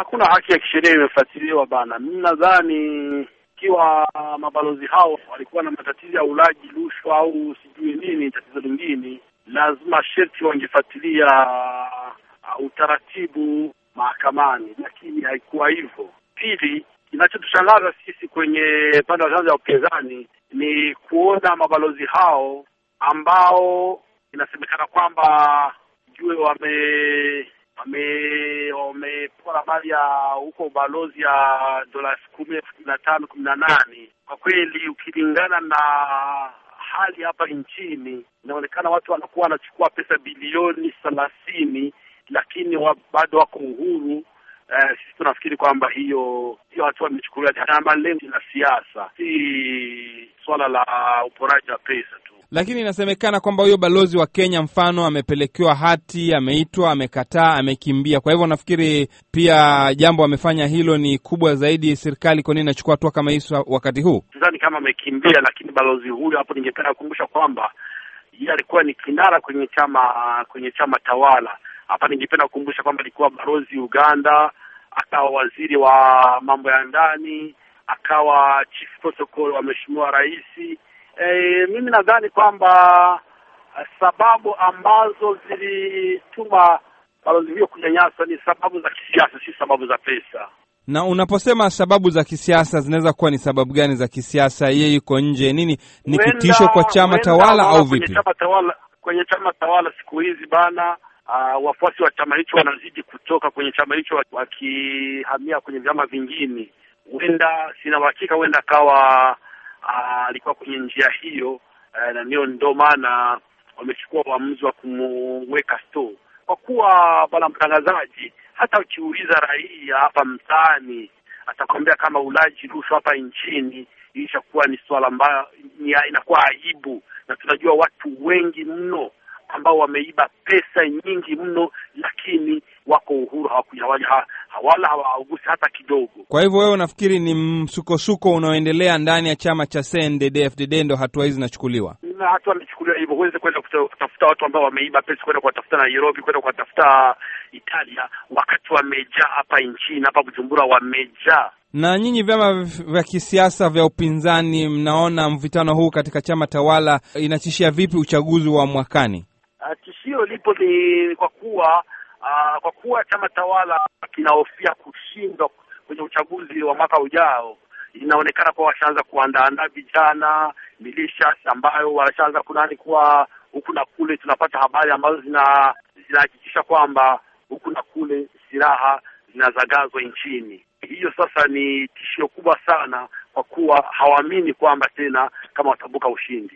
hakuna haki ya kisheria imefuatiliwa bana. Mimi nadhani ikiwa mabalozi hao walikuwa na matatizo ya ulaji rushwa au sijui nini tatizo lingine, lazima sherti wangefuatilia uh, utaratibu mahakamani, lakini haikuwa hivyo. Pili, kinachotushangaza sisi kwenye pande wa chanza ya upinzani ni kuona mabalozi hao ambao inasemekana kwamba jue wame wame wame masuala habari ya huko ubalozi ya dola elfu kumi elfu kumi na tano kumi na nane kwa kweli ukilingana na hali hapa nchini inaonekana watu wanakuwa wanachukua pesa bilioni thelathini lakini wa, bado wako uhuru. Eh, sisi tunafikiri kwamba hiyo hiyo hatua imechukuliwa na malengo la siasa, si swala la uporaji wa pesa tu. Lakini inasemekana kwamba huyo balozi wa Kenya mfano amepelekewa hati, ameitwa, amekataa, amekimbia. Kwa hivyo nafikiri pia jambo amefanya hilo ni kubwa zaidi. Serikali kwa nini inachukua hatua kama hii wakati huu? Sidhani kama amekimbia, lakini balozi huyo hapo, ningependa kukumbusha kwamba yeye alikuwa ni kinara kwenye chama kwenye chama tawala. Hapa ningependa kukumbusha kwamba alikuwa balozi Uganda, akawa waziri wa mambo ya ndani, akawa chief protocol wa mheshimiwa rais E, mimi nadhani kwamba eh, sababu ambazo zilituma balozi hiyo kunyanyasa ni sababu za kisiasa, si sababu za pesa. Na unaposema sababu za kisiasa, zinaweza kuwa ni sababu gani za kisiasa? Yeye yuko nje nini, ni kitisho kwa chama tawala au vipi? Chama tawala, kwenye chama tawala siku hizi bana Uh, wafuasi wa chama hicho wanazidi kutoka kwenye chama hicho wakihamia kwenye vyama vingine. Huenda, sina uhakika, huenda akawa Ah, alikuwa kwenye njia hiyo e, na ndio ndo maana wamechukua uamuzi wa kumweka store, kwa kuwa bwana mtangazaji, hata ukiuliza raia hapa mtaani atakwambia kama ulaji rushwa hapa nchini ilishakuwa ni swala ambayo inakuwa aibu, na tunajua watu wengi mno ambao wameiba pesa nyingi mno, lakini wako uhuru, hawakuja wala hawaugusi hata kidogo. Kwa hivyo wewe unafikiri ni msukosuko unaoendelea ndani ya chama cha CNDD-FDD ndo hatua hizi zinachukuliwa? Na hatua zinachukuliwa hivyo, huwezi kwenda kutafuta watu ambao wameiba pesa, kwenda kuwatafuta Nairobi, kwenda kuwatafuta Italia, wakati wamejaa hapa nchini, hapa Bujumbura wamejaa na nyinyi vyama vya kisiasa vya upinzani, mnaona mvitano huu katika chama tawala inatishia vipi uchaguzi wa mwakani? Ah, tishio lipo ni kwa kuwa Ah, kwa kuwa chama tawala kinahofia kushindwa kwenye uchaguzi wa mwaka ujao, inaonekana kuwa washaanza kuandaandaa vijana milisha ambayo washaanza kunani kuwa huku na kule. Tunapata habari ambazo zina zinahakikisha kwamba huku na kule silaha zinazagazwa nchini. Hiyo sasa ni tishio kubwa sana, kwa kuwa hawaamini kwamba tena kama watabuka ushindi